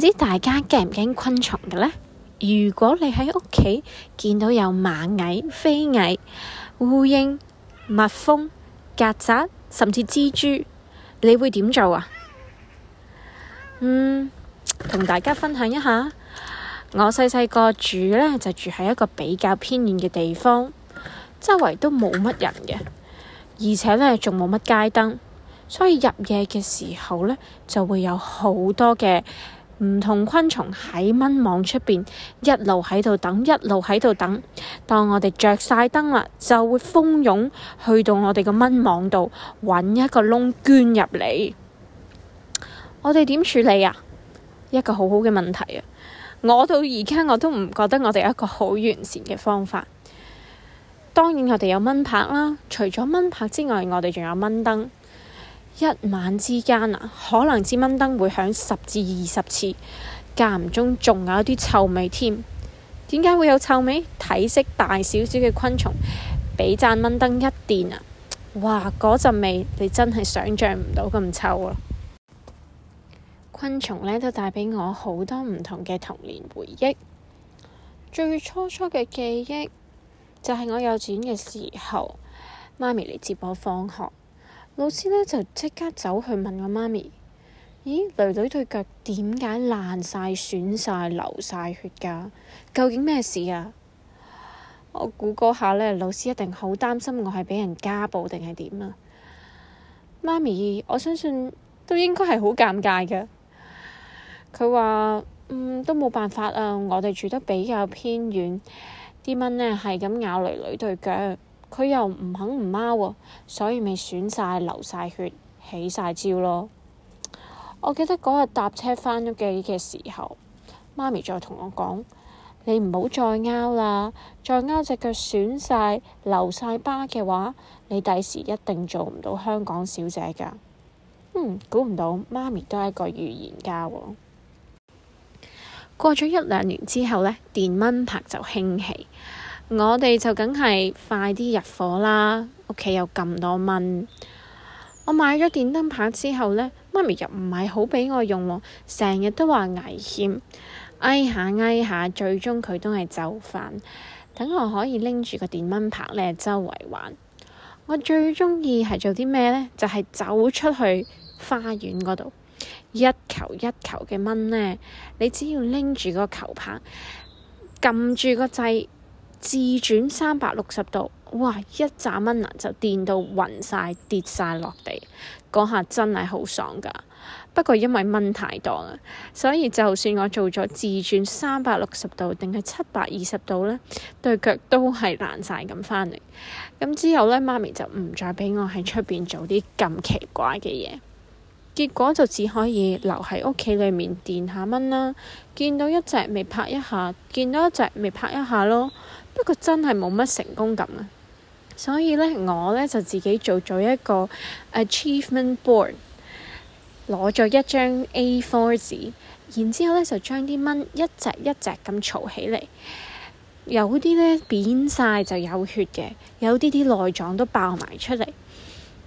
唔知大家驚唔驚昆蟲嘅呢？如果你喺屋企見到有螞蟻、飛蟻、烏蠅、蜜蜂、曱甴，甚至蜘蛛，你會點做啊？嗯，同大家分享一下，我細細個住呢，就住喺一個比較偏遠嘅地方，周圍都冇乜人嘅，而且呢，仲冇乜街燈，所以入夜嘅時候呢，就會有好多嘅。唔同昆蟲喺蚊網出邊，一路喺度等，一路喺度等。當我哋着晒燈啦，就會蜂擁去到我哋個蚊網度，搵一個窿捐入嚟。 我哋點處理啊？一個好好嘅問題啊！我到而家我都唔覺得我哋有一個好完善嘅方法。當然我哋有蚊拍啦，除咗蚊拍之外，我哋仲有蚊燈。一晚之間啊，可能支蚊燈會響十至二十次，間唔中仲有啲臭味添。點解會有臭味？體積大少少嘅昆蟲，俾盞蚊燈一電啊！哇，嗰陣味你真係想像唔到咁臭咯啊。昆蟲咧都帶畀我好多唔同嘅童年回憶。最初初嘅記憶，就係我幼稚園嘅時候，媽咪嚟接我放學。老師咧就即刻走去問我媽咪：咦，女女對腳點解爛晒、損晒、流晒血㗎？究竟咩事啊？我估嗰下咧，老師一定好擔心我係俾人家暴定係點啊！媽咪，我相信都應該係好尷尬嘅。佢話：嗯，都冇辦法啊，我哋住得比較偏遠，啲蚊咧係咁咬女女對腳。佢又唔肯唔拗啊，所以咪損晒、流晒血、起晒招咯。我記得嗰日搭車返屋企嘅時候，媽咪再同我講：你唔好再拗啦，再拗隻腳損晒、流晒疤嘅話，你第時一定做唔到香港小姐噶。嗯，估唔到媽咪都係個預言家。過咗一兩年之後呢，電蚊拍就興起。我哋就梗係快啲入伙啦。屋企有咁多蚊，我買咗電燈牌之後呢，媽咪又唔係好畀我用喎，成日都話危險，嗌下嗌下，最終佢都係就範。等我可以拎住個電蚊拍呢，周圍玩。我最中意係做啲咩呢？就係、是、走出去花園嗰度一球一球嘅蚊呢。你只要拎住個球拍，撳住個掣。自轉三百六十度，哇！一隻蚊啊，就電到暈晒，跌晒落地嗰下真係好爽噶。不過因為蚊太多啦，所以就算我做咗自轉三百六十度定係七百二十度呢，對腳都係爛晒。咁返嚟。咁之後呢，媽咪就唔再俾我喺出邊做啲咁奇怪嘅嘢，結果就只可以留喺屋企裡面電下蚊啦。見到一隻咪拍一下，見到一隻咪拍一下咯。不過真係冇乜成功感啊！所以呢，我呢就自己做咗一個 achievement board，攞咗一張 A4 紙，然之後呢就將啲蚊一隻一隻咁嘈起嚟。有啲呢扁晒就有血嘅，有啲啲內臟都爆埋出嚟。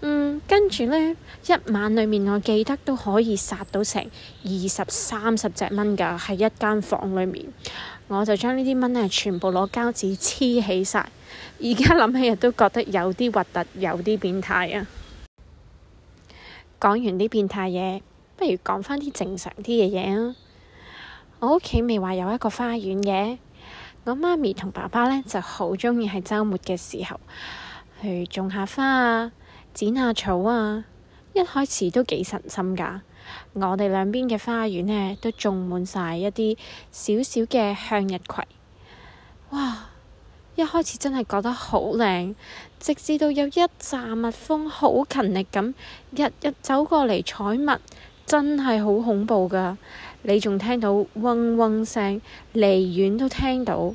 嗯，跟住呢，一晚裏面，我記得都可以殺到成二十三十隻蚊㗎，喺一間房裏面。我就將呢啲蚊咧全部攞膠紙黐起晒，而家諗起都覺得有啲核突，有啲變態啊！講完啲變態嘢，不如講翻啲正常啲嘅嘢啊！我屋企未話有一個花園嘅，我媽咪同爸爸咧就好鍾意喺周末嘅時候去種下花啊、剪下草啊，一開始都幾神心噶。我哋兩邊嘅花園呢，都種滿晒一啲小小嘅向日葵。哇！一開始真係覺得好靚，直至到有一紮蜜蜂好勤力咁日日走過嚟採蜜，真係好恐怖噶！你仲聽到嗡嗡聲，離遠都聽到。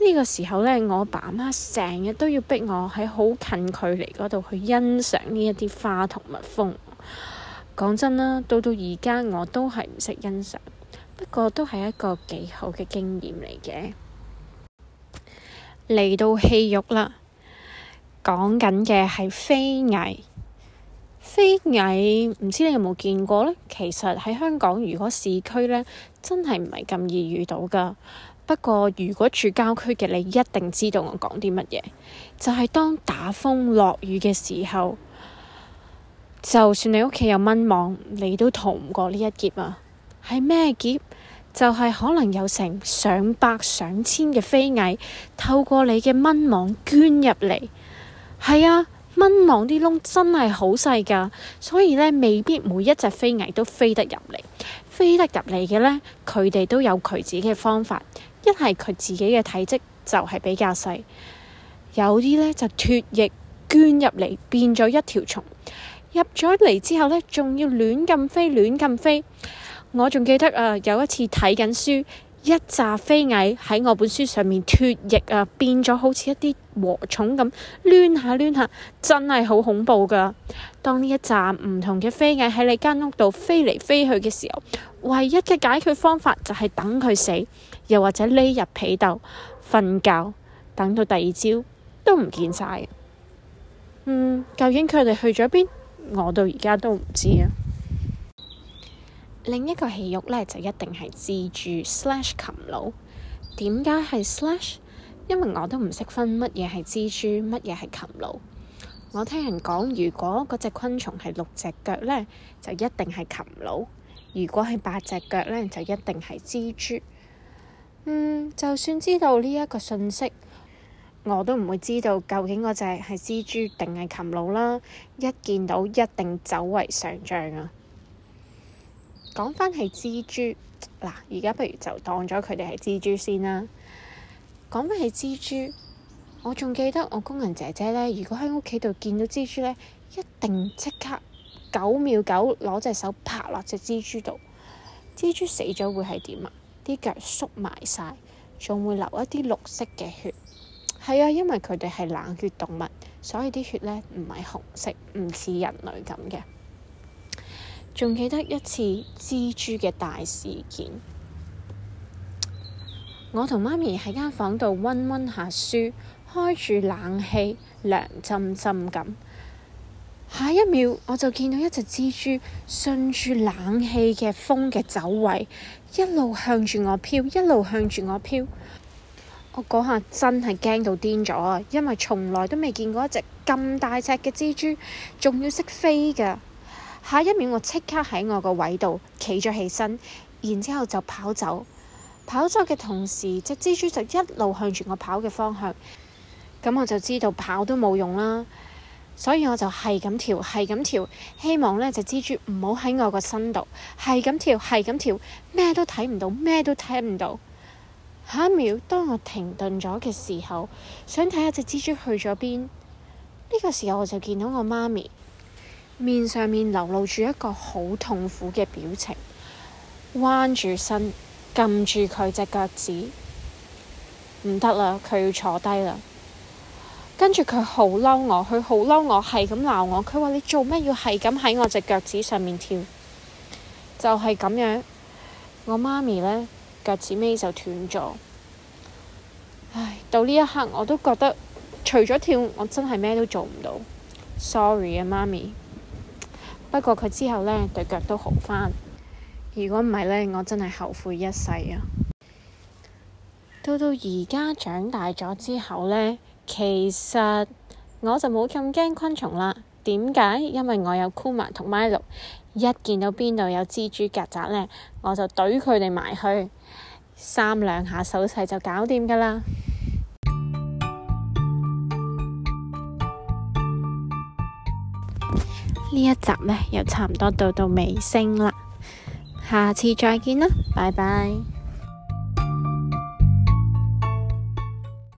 呢、這個時候呢，我爸媽成日都要逼我喺好近距離嗰度去欣賞呢一啲花同蜜蜂。講真啦，到到而家我都係唔識欣賞，不過都係一個幾好嘅經驗嚟嘅。嚟到戲肉啦，講緊嘅係飛蟻。飛蟻唔知你有冇見過呢？其實喺香港，如果市區呢，真係唔係咁易遇到噶。不過如果住郊區嘅，你一定知道我講啲乜嘢，就係當打風落雨嘅時候。就算你屋企有蚊網，你都逃唔過呢一劫啊！係咩劫？就係可能有成上百、上千嘅飛蟻透過你嘅蚊網捐入嚟。係啊，蚊網啲窿真係好細噶，所以呢，未必每一隻飛蟻都飛得入嚟。飛得入嚟嘅呢，佢哋都有佢自己嘅方法。一係佢自己嘅體積就係比較細，有啲呢就脱翼捐入嚟，變咗一條蟲。入咗嚟之後呢，仲要亂咁飛，亂咁飛。我仲記得啊，有一次睇緊書，一紮飛蟻喺我本書上面脫翼啊，變咗好似一啲禾蟲咁攣下攣下，真係好恐怖㗎。當呢一紮唔同嘅飛蟻喺你間屋度飛嚟飛去嘅時候，唯一嘅解決方法就係等佢死，又或者匿入被竇瞓覺，等到第二朝都唔見晒。嗯，究竟佢哋去咗邊？我到而家都唔知啊！另一個戲肉呢，就一定係蜘蛛/蠄蟧。點解係/？為因為我都唔識分乜嘢係蜘蛛，乜嘢係蠄蟧。我聽人講，如果嗰隻昆蟲係六隻腳呢，就一定係蠄蟧；如果係八隻腳呢，就一定係蜘蛛。嗯，就算知道呢一個信息，我都唔會知道究竟嗰隻係蜘蛛定係蠄蟧啦！一見到一定走為上將啊！講返係蜘蛛嗱，而家不如就當咗佢哋係蜘蛛先啦。講返係蜘蛛，我仲記得我工人姐姐咧，如果喺屋企度見到蜘蛛咧，一定即刻九秒九攞隻手拍落隻蜘蛛度。蜘蛛死咗會係點啊？啲腳縮埋晒，仲會流一啲綠色嘅血。係啊，因為佢哋係冷血動物，所以啲血咧唔係紅色，唔似人類咁嘅。仲記得一次蜘蛛嘅大事件。我同媽咪喺間房度溫溫下書，開住冷氣涼浸浸咁。下一秒我就見到一隻蜘蛛順住冷氣嘅風嘅走位，一路向住我飄，一路向住我飄。我嗰下真係驚到癲咗啊！因為從來都未見過一隻咁大隻嘅蜘蛛，仲要識飛㗎。下一秒我即刻喺我個位度企咗起身，然之後就跑走。跑走嘅同時，隻蜘蛛就一路向住我跑嘅方向。咁我就知道跑都冇用啦，所以我就係咁跳，係咁跳，跳，希望呢隻蜘蛛唔好喺我個身度。係咁跳，係咁跳，咩都睇唔到，咩都睇唔到。下一秒，當我停頓咗嘅時候，想睇下隻蜘蛛去咗邊。呢個時候我就見到我媽咪面上面流露住一個好痛苦嘅表情，彎住身撳住佢隻腳趾，唔得啦，佢要坐低啦。跟住佢好嬲我，佢好嬲我係咁鬧我，佢話你做咩要係咁喺我隻腳趾上面跳？就係咁樣，我媽咪咧。腳趾尾就斷咗，唉！到呢一刻我都覺得，除咗跳，我真係咩都做唔到。Sorry 啊，媽咪，不過佢之後呢，對腳都好翻。如果唔係呢，我真係後悔一世啊！到到而家長大咗之後呢，其實我就冇咁驚昆蟲啦。點解？因為我有 Kuma 同 Milo。一見到邊度有蜘蛛、曱甴呢，我就懟佢哋埋去，三兩下手勢就搞掂噶啦。呢一集呢，又差唔多到到尾聲啦，下次再見啦，拜拜。